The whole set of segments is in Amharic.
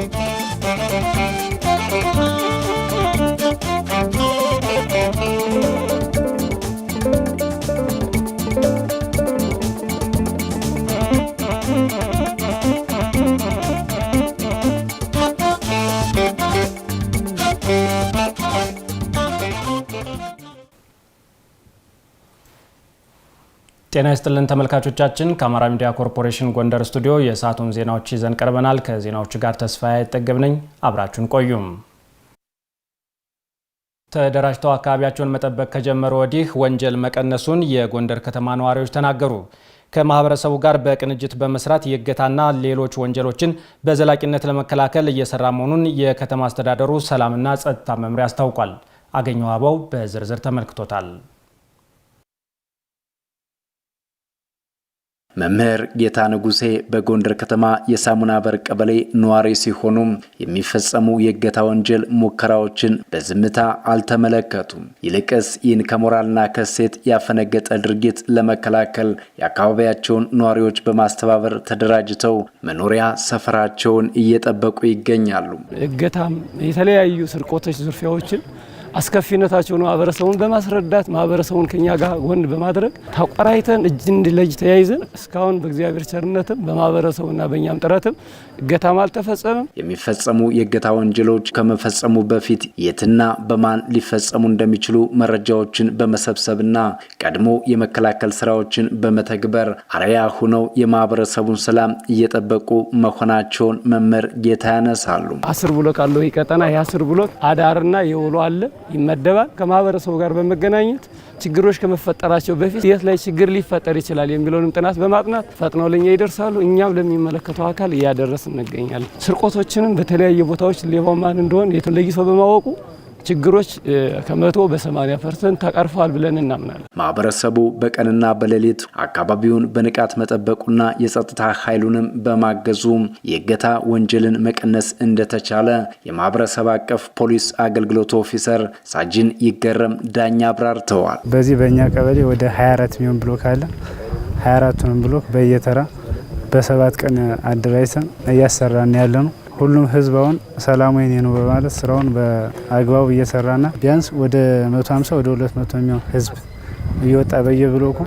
Thank you. ጤና ይስጥልን ተመልካቾቻችን፣ ከአማራ ሚዲያ ኮርፖሬሽን ጎንደር ስቱዲዮ የሰዓቱን ዜናዎች ይዘን ቀርበናል። ከዜናዎቹ ጋር ተስፋዬ አይጠገብ ነኝ። አብራችሁን ቆዩም። ተደራጅተው አካባቢያቸውን መጠበቅ ከጀመሩ ወዲህ ወንጀል መቀነሱን የጎንደር ከተማ ነዋሪዎች ተናገሩ። ከማህበረሰቡ ጋር በቅንጅት በመስራት የእገታና ሌሎች ወንጀሎችን በዘላቂነት ለመከላከል እየሰራ መሆኑን የከተማ አስተዳደሩ ሰላምና ጸጥታ መምሪያ አስታውቋል። አገኘው አበው በዝርዝር ተመልክቶታል። መምህር ጌታ ንጉሴ በጎንደር ከተማ የሳሙና በር ቀበሌ ነዋሪ ሲሆኑ የሚፈጸሙ የእገታ ወንጀል ሙከራዎችን በዝምታ አልተመለከቱም። ይልቅስ ይህን ከሞራልና ከሴት ያፈነገጠ ድርጊት ለመከላከል የአካባቢያቸውን ነዋሪዎች በማስተባበር ተደራጅተው መኖሪያ ሰፈራቸውን እየጠበቁ ይገኛሉ። እገታም የተለያዩ ስርቆቶች፣ ዝርፊያዎችን ነው። ማህበረሰቡን በማስረዳት ማህበረሰቡን ከኛ ጋር ጎን በማድረግ ተቆራይተን እጅ ለእጅ ተያይዘን እስካሁን በእግዚአብሔር ቸርነትም በማህበረሰቡና በእኛም ጥረትም እገታም አልተፈጸምም። የሚፈጸሙ የእገታ ወንጀሎች ከመፈጸሙ በፊት የትና በማን ሊፈጸሙ እንደሚችሉ መረጃዎችን በመሰብሰብና ቀድሞ የመከላከል ስራዎችን በመተግበር አርአያ ሆነው የማህበረሰቡን ሰላም እየጠበቁ መሆናቸውን መምህር ጌታ ያነሳሉ። አስር ብሎክ አለው ይህ ቀጠና የአስር ብሎክ አዳርና የውሎ አለ ይመደባል። ከማህበረሰቡ ጋር በመገናኘት ችግሮች ከመፈጠራቸው በፊት የት ላይ ችግር ሊፈጠር ይችላል የሚለውንም ጥናት በማጥናት ፈጥነው ለኛ ይደርሳሉ። እኛም ለሚመለከተው አካል እያደረስ እንገኛለን። ስርቆቶችንም በተለያዩ ቦታዎች ሌባው ማን እንደሆነ በማወቁ ችግሮች ከመቶ በሰማኒያ ፐርሰንት ተቀርፏል ብለን እናምናለን። ማህበረሰቡ በቀንና በሌሊት አካባቢውን በንቃት መጠበቁና የጸጥታ ኃይሉንም በማገዙ የእገታ ወንጀልን መቀነስ እንደተቻለ የማህበረሰብ አቀፍ ፖሊስ አገልግሎት ኦፊሰር ሳጅን ይገረም ዳኛ አብራርተዋል። በዚህ በእኛ ቀበሌ ወደ 24 ሚሊዮን ብሎክ አለ። 24ቱንም ብሎክ በየተራ በሰባት ቀን አደራጅተን እያሰራን ያለ ነው። ሁሉም ህዝብ አሁን ሰላሙ የኔ ነው በማለት ስራውን በአግባቡ እየሰራና ቢያንስ ወደ 150 ወደ 200 የሚሆን ህዝብ እየወጣ በየብሎኩ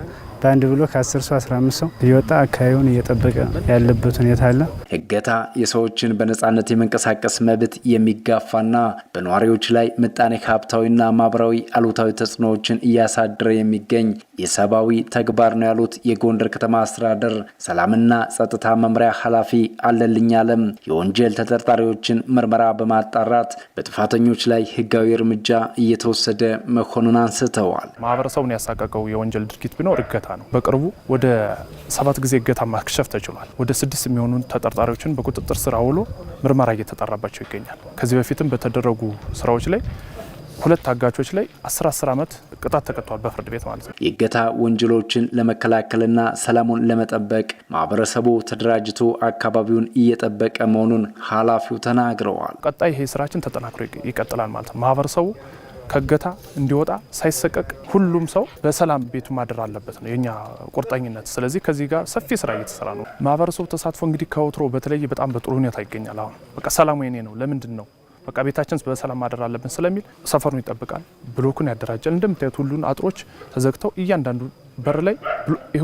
በአንድ ብሎ ከ10 ሰው 15 ሰው እየወጣ አካባቢውን እየጠበቀ ያለበት ሁኔታ አለ። ህገታ የሰዎችን በነፃነት የመንቀሳቀስ መብት የሚጋፋና በነዋሪዎች ላይ ምጣኔ ሀብታዊና ማህበራዊ አሉታዊ ተጽዕኖዎችን እያሳደረ የሚገኝ የሰብአዊ ተግባር ነው ያሉት የጎንደር ከተማ አስተዳደር ሰላምና ጸጥታ መምሪያ ኃላፊ አለልኝ አለም የወንጀል ተጠርጣሪዎችን ምርመራ በማጣራት በጥፋተኞች ላይ ህጋዊ እርምጃ እየተወሰደ መሆኑን አንስተዋል። ማህበረሰቡን ያሳቀቀው የወንጀል ድርጊት ቢኖር እገታ ነው። በቅርቡ ወደ ሰባት ጊዜ እገታ ማክሸፍ ተችሏል። ወደ ስድስት የሚሆኑ ተጠርጣሪዎችን በቁጥጥር ስር አውሎ ምርመራ እየተጠራባቸው ይገኛል። ከዚህ በፊትም በተደረጉ ስራዎች ላይ ሁለት አጋቾች ላይ 11 ዓመት ቅጣት ተቀጥቷል በፍርድ ቤት ማለት ነው። የእገታ ወንጀሎችን ለመከላከልና ሰላሙን ለመጠበቅ ማህበረሰቡ ተደራጅቶ አካባቢውን እየጠበቀ መሆኑን ኃላፊው ተናግረዋል። ቀጣይ ይሄ ስራችን ተጠናክሮ ይቀጥላል ማለት ነው። ማህበረሰቡ ከእገታ እንዲወጣ ሳይሰቀቅ ሁሉም ሰው በሰላም ቤቱ ማደር አለበት ነው የኛ ቁርጠኝነት። ስለዚህ ከዚህ ጋር ሰፊ ስራ እየተሰራ ነው። ማህበረሰቡ ተሳትፎ እንግዲህ ከወትሮ በተለይ በጣም በጥሩ ሁኔታ ይገኛል። አሁን በቃ ሰላሙ የኔ ነው ለምንድን ነው በቃ ቤታችን በሰላም ማደር አለብን ስለሚል ሰፈሩን ይጠብቃል፣ ብሎኩን ያደራጃል። እንደምታዩት ሁሉን አጥሮች ተዘግተው እያንዳንዱ በር ላይ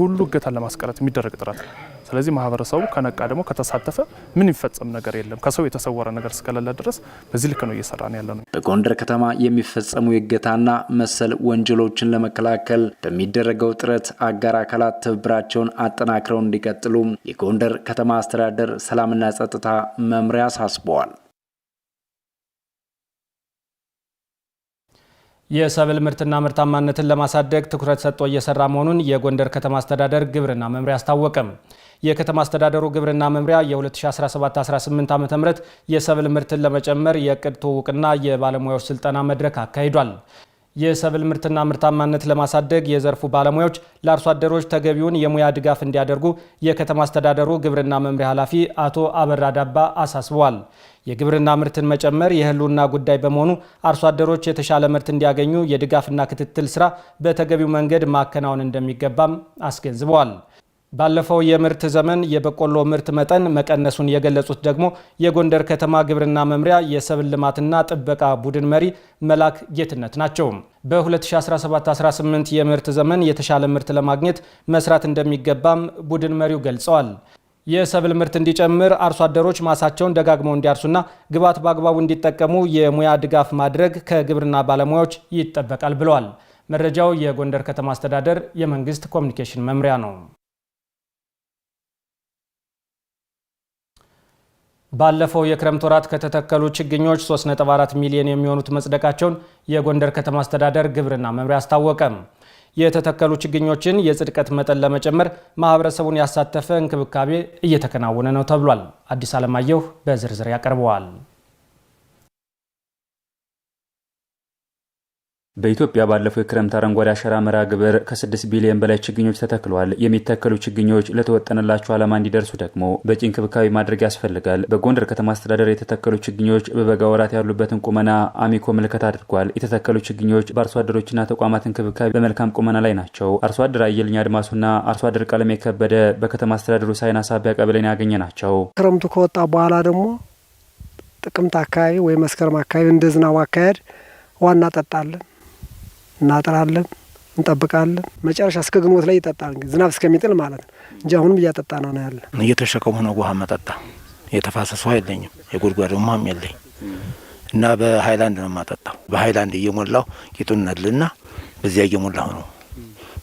ሁሉ እገታን ለማስቀረት የሚደረግ ጥረት ነው። ስለዚህ ማህበረሰቡ ከነቃ ደግሞ ከተሳተፈ ምን ይፈጸም ነገር የለም። ከሰው የተሰወረ ነገር እስከሌለ ድረስ በዚህ ልክ ነው እየሰራ ነው ያለ ነው። በጎንደር ከተማ የሚፈጸሙ የእገታና መሰል ወንጀሎችን ለመከላከል በሚደረገው ጥረት አጋር አካላት ትብብራቸውን አጠናክረው እንዲቀጥሉ የጎንደር ከተማ አስተዳደር ሰላምና ጸጥታ መምሪያ አሳስበዋል። የሰብል ምርትና ምርታማነትን ለማሳደግ ትኩረት ሰጥቶ እየሰራ መሆኑን የጎንደር ከተማ አስተዳደር ግብርና መምሪያ አስታወቀም። የከተማ አስተዳደሩ ግብርና መምሪያ የ2017-18 ዓ ም የሰብል ምርትን ለመጨመር የእቅድ ትውውቅና የባለሙያዎች ስልጠና መድረክ አካሂዷል። የሰብል ምርትና ምርታማነት ለማሳደግ የዘርፉ ባለሙያዎች ለአርሶ አደሮች ተገቢውን የሙያ ድጋፍ እንዲያደርጉ የከተማ አስተዳደሩ ግብርና መምሪያ ኃላፊ አቶ አበራ ዳባ አሳስበዋል። የግብርና ምርትን መጨመር የህሉና ጉዳይ በመሆኑ አርሶ አደሮች የተሻለ ምርት እንዲያገኙ የድጋፍና ክትትል ስራ በተገቢው መንገድ ማከናወን እንደሚገባም አስገንዝበዋል። ባለፈው የምርት ዘመን የበቆሎ ምርት መጠን መቀነሱን የገለጹት ደግሞ የጎንደር ከተማ ግብርና መምሪያ የሰብል ልማትና ጥበቃ ቡድን መሪ መላክ ጌትነት ናቸው። በ2017/18 የምርት ዘመን የተሻለ ምርት ለማግኘት መስራት እንደሚገባም ቡድን መሪው ገልጸዋል። የሰብል ምርት እንዲጨምር አርሶ አደሮች ማሳቸውን ደጋግመው እንዲያርሱና ግብዓት በአግባቡ እንዲጠቀሙ የሙያ ድጋፍ ማድረግ ከግብርና ባለሙያዎች ይጠበቃል ብለዋል። መረጃው የጎንደር ከተማ አስተዳደር የመንግስት ኮሚኒኬሽን መምሪያ ነው። ባለፈው የክረምት ወራት ከተተከሉ ችግኞች 3.4 ሚሊዮን የሚሆኑት መጽደቃቸውን የጎንደር ከተማ አስተዳደር ግብርና መምሪያ አስታወቀም። የተተከሉ ችግኞችን የጽድቀት መጠን ለመጨመር ማህበረሰቡን ያሳተፈ እንክብካቤ እየተከናወነ ነው ተብሏል። አዲስ አለማየሁ በዝርዝር ያቀርበዋል። በኢትዮጵያ ባለፈው የክረምት አረንጓዴ አሻራ መርሃ ግብር ከ6 ቢሊዮን በላይ ችግኞች ተተክሏል። የሚተከሉ ችግኞች ለተወጠነላቸው ዓላማ እንዲደርሱ ደግሞ በቂ እንክብካቤ ማድረግ ያስፈልጋል። በጎንደር ከተማ አስተዳደር የተተከሉ ችግኞች በበጋ ወራት ያሉበትን ቁመና አሚኮ ምልከት አድርጓል። የተተከሉ ችግኞች በአርሶ አደሮችና ተቋማት እንክብካቤ በመልካም ቁመና ላይ ናቸው። አርሶ አደር አየልኝ አድማሱና አርሶ አደር ቀለም የከበደ በከተማ አስተዳደሩ ሳይን አሳቢያ ቀበሌን ያገኘ ናቸው። ክረምቱ ከወጣ በኋላ ደግሞ ጥቅምት አካባቢ ወይ መስከረም አካባቢ እንደ ዝናቡ አካሄድ ዋና ጠጣለን እናጥራለን፣ እንጠብቃለን። መጨረሻ እስከ ግንቦት ላይ ይጠጣል፣ ዝናብ እስከሚጥል ማለት ነው እንጂ አሁንም እያጠጣ ነው ነው ያለ። እየተሸከሙ ነው ውሃ መጠጣ። የተፋሰሱ የለኝም፣ የጉድጓድ ውሃም የለኝ እና በሀይላንድ ነው የማጠጣው። በሀይላንድ እየሞላው ጌጡነልና በዚያ እየሞላሁ ነው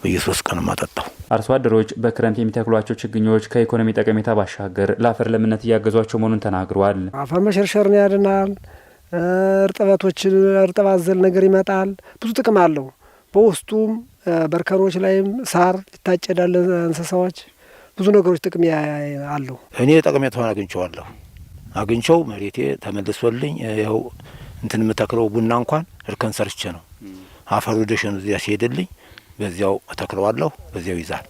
በየሶስት ቀን ማጠጣው። አርሶ አደሮች በክረምት የሚተክሏቸው ችግኞች ከኢኮኖሚ ጠቀሜታ ባሻገር ለአፈር ለምነት እያገዟቸው መሆኑን ተናግረዋል። አፈር መሸርሸርን ያድናል። እርጥበቶችን እርጥባዘል ነገር ይመጣል። ብዙ ጥቅም አለው። በውስጡም በእርከኖች ላይም ሳር ይታጨዳል። እንስሳዎች ብዙ ነገሮች ጥቅም አለው። እኔ ጠቀሜታውን አግኝቼዋለሁ። አግኝቼው መሬቴ ተመልሶልኝ ያው እንትን የምተክለው ቡና እንኳን እርከን ሰርቼ ነው። አፈሩ ደሸኑ እዚያ ሲሄድልኝ በዚያው ተክለዋለሁ። በዚያው ይዛል።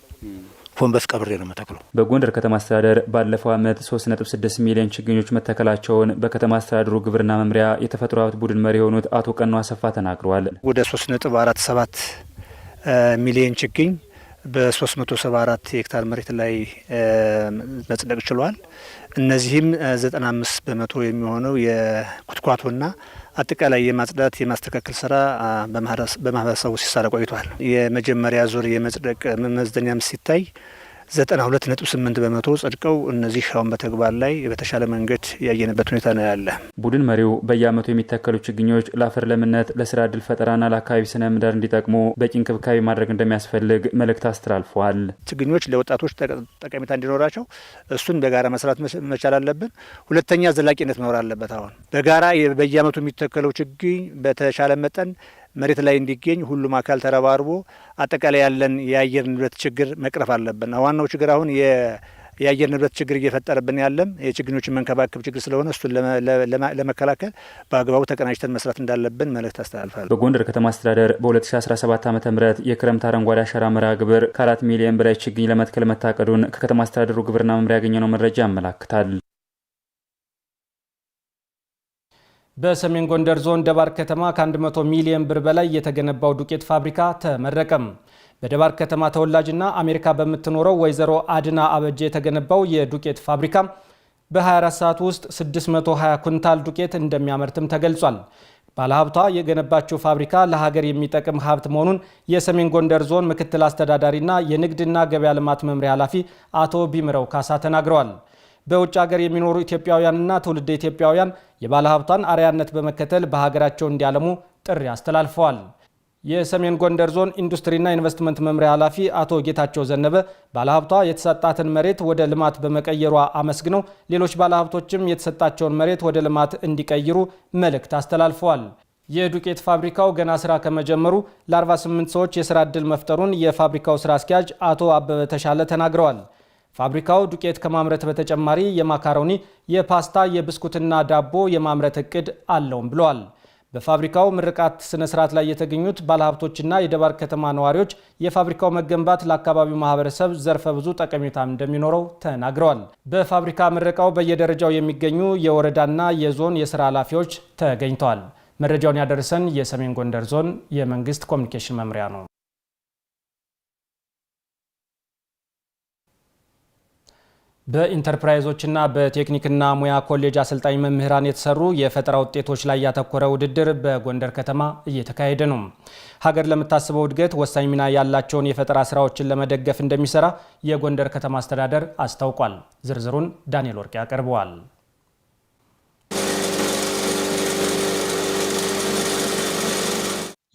ፎንበስ ቀብሬ ነው መተክለው። በጎንደር ከተማ አስተዳደር ባለፈው ዓመት 3.6 ሚሊዮን ችግኞች መተከላቸውን በከተማ አስተዳደሩ ግብርና መምሪያ የተፈጥሮ ሀብት ቡድን መሪ የሆኑት አቶ ቀኖ አሰፋ ተናግረዋል። ወደ 3.47 ሚሊዮን ችግኝ በ374 ሄክታር መሬት ላይ መጽደቅ ችሏል። እነዚህም 95 በመቶ የሚሆነው የኩትኳቶና አጠቃላይ የማጽዳት የማስተካከል ስራ በማህበረሰቡ ሲሰራ ቆይቷል። የመጀመሪያ ዙር የመጽደቅ መመዘኛም ሲታይ 92.8 በመቶ ጸድቀው እነዚህ አሁን በተግባር ላይ በተሻለ መንገድ ያየንበት ሁኔታ ነው ያለ። ቡድን መሪው በየዓመቱ የሚተከሉ ችግኞች ለአፈር ለምነት፣ ለስራ ድል ፈጠራና ለአካባቢ ስነ ምህዳር እንዲጠቅሙ በቂ እንክብካቤ ማድረግ እንደሚያስፈልግ መልእክት አስተላልፈዋል። ችግኞች ለወጣቶች ጠቀሜታ እንዲኖራቸው እሱን በጋራ መስራት መቻል አለብን። ሁለተኛ ዘላቂነት መኖር አለበት። አሁን በጋራ በየአመቱ የሚተከለው ችግኝ በተሻለ መጠን መሬት ላይ እንዲገኝ ሁሉም አካል ተረባርቦ አጠቃላይ ያለን የአየር ንብረት ችግር መቅረፍ አለብን። ዋናው ችግር አሁን የአየር ንብረት ችግር እየፈጠረብን ያለም የችግኞችን መንከባከብ ችግር ስለሆነ እሱን ለመከላከል በአግባቡ ተቀናጅተን መስራት እንዳለብን መልእክት አስተላልፋለሁ። በጎንደር ከተማ አስተዳደር በ2017 ዓ ም የክረምት አረንጓዴ አሻራ መርሃ ግብር ከአራት ሚሊዮን በላይ ችግኝ ለመትከል መታቀዱን ከከተማ አስተዳደሩ ግብርና መምሪያ ያገኘነው መረጃ ያመላክታል። በሰሜን ጎንደር ዞን ደባር ከተማ ከ100 ሚሊዮን ብር በላይ የተገነባው ዱቄት ፋብሪካ ተመረቀም። በደባር ከተማ ተወላጅና አሜሪካ በምትኖረው ወይዘሮ አድና አበጀ የተገነባው የዱቄት ፋብሪካ በ24 ሰዓት ውስጥ 620 ኩንታል ዱቄት እንደሚያመርትም ተገልጿል። ባለሀብቷ የገነባችው ፋብሪካ ለሀገር የሚጠቅም ሀብት መሆኑን የሰሜን ጎንደር ዞን ምክትል አስተዳዳሪና የንግድና ገበያ ልማት መምሪያ ኃላፊ አቶ ቢምረው ካሳ ተናግረዋል። በውጭ ሀገር የሚኖሩ ኢትዮጵያውያንና ትውልደ ኢትዮጵያውያን የባለሀብቷን አርያነት በመከተል በሀገራቸው እንዲያለሙ ጥሪ አስተላልፈዋል። የሰሜን ጎንደር ዞን ኢንዱስትሪና ኢንቨስትመንት መምሪያ ኃላፊ አቶ ጌታቸው ዘነበ ባለሀብቷ የተሰጣትን መሬት ወደ ልማት በመቀየሯ አመስግነው ሌሎች ባለሀብቶችም የተሰጣቸውን መሬት ወደ ልማት እንዲቀይሩ መልእክት አስተላልፈዋል። የዱቄት ፋብሪካው ገና ስራ ከመጀመሩ ለ48 ሰዎች የስራ ዕድል መፍጠሩን የፋብሪካው ስራ አስኪያጅ አቶ አበበ ተሻለ ተናግረዋል። ፋብሪካው ዱቄት ከማምረት በተጨማሪ የማካሮኒ፣ የፓስታ፣ የብስኩትና ዳቦ የማምረት እቅድ አለውም ብለዋል። በፋብሪካው ምርቃት ስነ ስርዓት ላይ የተገኙት ባለሀብቶችና የደባርቅ ከተማ ነዋሪዎች የፋብሪካው መገንባት ለአካባቢው ማህበረሰብ ዘርፈ ብዙ ጠቀሜታ እንደሚኖረው ተናግረዋል። በፋብሪካ ምረቃው በየደረጃው የሚገኙ የወረዳና የዞን የስራ ኃላፊዎች ተገኝተዋል። መረጃውን ያደረሰን የሰሜን ጎንደር ዞን የመንግስት ኮሚኒኬሽን መምሪያ ነው። በኢንተርፕራይዞችና በቴክኒክና ሙያ ኮሌጅ አሰልጣኝ መምህራን የተሰሩ የፈጠራ ውጤቶች ላይ ያተኮረ ውድድር በጎንደር ከተማ እየተካሄደ ነው። ሀገር ለምታስበው እድገት ወሳኝ ሚና ያላቸውን የፈጠራ ስራዎችን ለመደገፍ እንደሚሰራ የጎንደር ከተማ አስተዳደር አስታውቋል። ዝርዝሩን ዳንኤል ወርቅ ያቀርበዋል።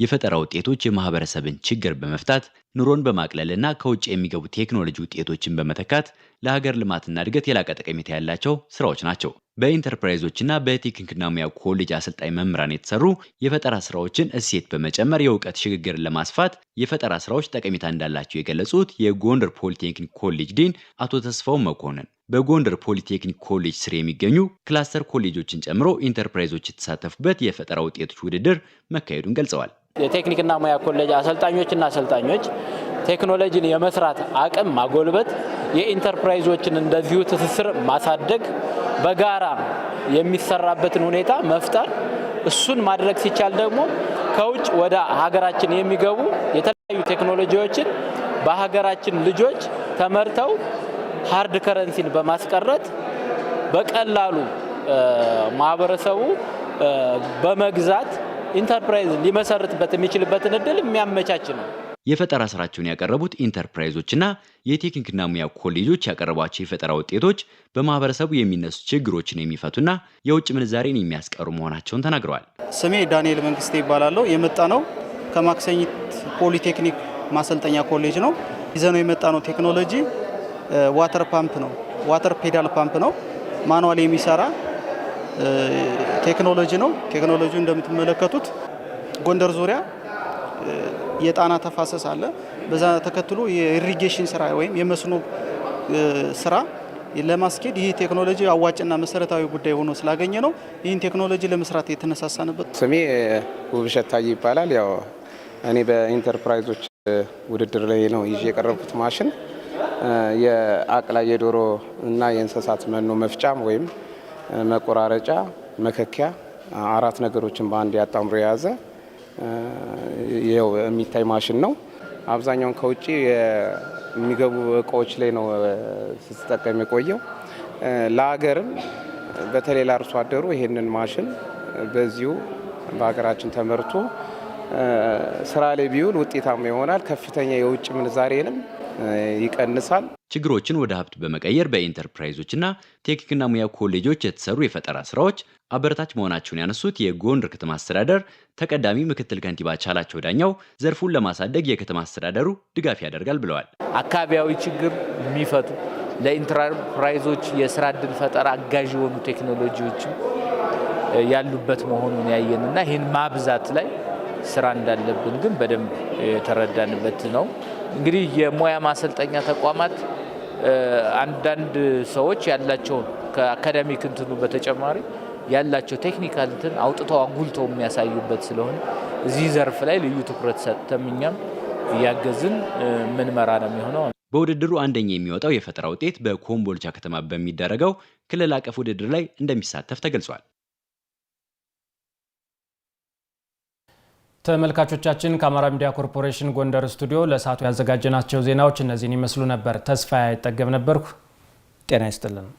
የፈጠራ ውጤቶች የማህበረሰብን ችግር በመፍታት ኑሮን በማቅለልና ከውጭ የሚገቡ ቴክኖሎጂ ውጤቶችን በመተካት ለሀገር ልማትና እድገት የላቀ ጠቀሜታ ያላቸው ስራዎች ናቸው። በኢንተርፕራይዞችና በቴክኒክና ሙያ ኮሌጅ አሰልጣኝ መምህራን የተሰሩ የፈጠራ ስራዎችን እሴት በመጨመር የእውቀት ሽግግርን ለማስፋት የፈጠራ ስራዎች ጠቀሜታ እንዳላቸው የገለጹት የጎንደር ፖሊቴክኒክ ኮሌጅ ዲን አቶ ተስፋው መኮንን በጎንደር ፖሊቴክኒክ ኮሌጅ ስር የሚገኙ ክላስተር ኮሌጆችን ጨምሮ ኢንተርፕራይዞች የተሳተፉበት የፈጠራ ውጤቶች ውድድር መካሄዱን ገልጸዋል። የቴክኒክና ሙያ ኮሌጅ አሰልጣኞችና አሰልጣኞች ቴክኖሎጂን የመስራት አቅም ማጎልበት፣ የኢንተርፕራይዞችን እንደዚሁ ትስስር ማሳደግ፣ በጋራ የሚሰራበትን ሁኔታ መፍጠር፣ እሱን ማድረግ ሲቻል ደግሞ ከውጭ ወደ ሀገራችን የሚገቡ የተለያዩ ቴክኖሎጂዎችን በሀገራችን ልጆች ተመርተው ሀርድ ከረንሲን በማስቀረት በቀላሉ ማህበረሰቡ በመግዛት ኢንተርፕራይዝ ሊመሰርትበት የሚችልበትን እድል የሚያመቻች ነው። የፈጠራ ስራቸውን ያቀረቡት ኢንተርፕራይዞችና የቴክኒክና ሙያ ኮሌጆች ያቀረቧቸው የፈጠራ ውጤቶች በማህበረሰቡ የሚነሱ ችግሮችን የሚፈቱና የውጭ ምንዛሬን የሚያስቀሩ መሆናቸውን ተናግረዋል። ስሜ ዳንኤል መንግስት ይባላለሁ። የመጣ ነው ከማክሰኝት ፖሊቴክኒክ ማሰልጠኛ ኮሌጅ ነው። ይዘነው የመጣ ነው ቴክኖሎጂ ዋተር ፓምፕ ነው። ዋተር ፔዳል ፓምፕ ነው። ማኑዋል የሚሰራ ቴክኖሎጂ ነው። ቴክኖሎጂ እንደምትመለከቱት ጎንደር ዙሪያ የጣና ተፋሰስ አለ። በዛ ተከትሎ የኢሪጌሽን ስራ ወይም የመስኖ ስራ ለማስኬድ ይህ ቴክኖሎጂ አዋጭና መሰረታዊ ጉዳይ ሆኖ ስላገኘ ነው ይህን ቴክኖሎጂ ለመስራት የተነሳሳንበት። ስሜ ውብሸት ታዬ ይባላል። ያው እኔ በኢንተርፕራይዞች ውድድር ላይ ነው ይዤ የቀረብኩት ማሽን የአቅላ የዶሮ እና የእንስሳት መኖ መፍጫም ወይም መቆራረጫ፣ መከኪያ አራት ነገሮችን በአንድ ያጣምሮ የያዘ ይኸው የሚታይ ማሽን ነው። አብዛኛውን ከውጭ የሚገቡ እቃዎች ላይ ነው ስትጠቀም የቆየው። ለሀገርም በተለይ ለአርሶ አደሩ ይሄንን ማሽን በዚሁ በሀገራችን ተመርቶ ስራ ላይ ቢውል ውጤታማ ይሆናል። ከፍተኛ የውጭ ምንዛሬንም ይቀንሳል። ችግሮችን ወደ ሀብት በመቀየር በኢንተርፕራይዞችና ቴክኒክና ሙያ ኮሌጆች የተሰሩ የፈጠራ ስራዎች አበረታች መሆናቸውን ያነሱት የጎንደር ከተማ አስተዳደር ተቀዳሚ ምክትል ከንቲባ ቻላቸው ዳኛው ዘርፉን ለማሳደግ የከተማ አስተዳደሩ ድጋፍ ያደርጋል ብለዋል። አካባቢያዊ ችግር የሚፈቱ ለኢንተርፕራይዞች የስራ እድል ፈጠራ አጋዥ የሆኑ ቴክኖሎጂዎች ያሉበት መሆኑን ያየንና ይህን ማብዛት ላይ ስራ እንዳለብን ግን በደንብ የተረዳንበት ነው። እንግዲህ የሙያ ማሰልጠኛ ተቋማት አንዳንድ ሰዎች ያላቸውን ከአካዳሚክ እንትኑ በተጨማሪ ያላቸው ቴክኒካል እንትን አውጥተው አጉልተው የሚያሳዩበት ስለሆነ እዚህ ዘርፍ ላይ ልዩ ትኩረት ሰጥተን እኛም እያገዝን ምንመራ ነው የሚሆነው። በውድድሩ አንደኛ የሚወጣው የፈጠራ ውጤት በኮምቦልቻ ከተማ በሚደረገው ክልል አቀፍ ውድድር ላይ እንደሚሳተፍ ተገልጿል። ተመልካቾቻችን ከአማራ ሚዲያ ኮርፖሬሽን ጎንደር ስቱዲዮ ለሰዓቱ ያዘጋጀናቸው ዜናዎች እነዚህን ይመስሉ ነበር። ተስፋ አይጠገብ ነበርኩ። ጤና ይስጥልን።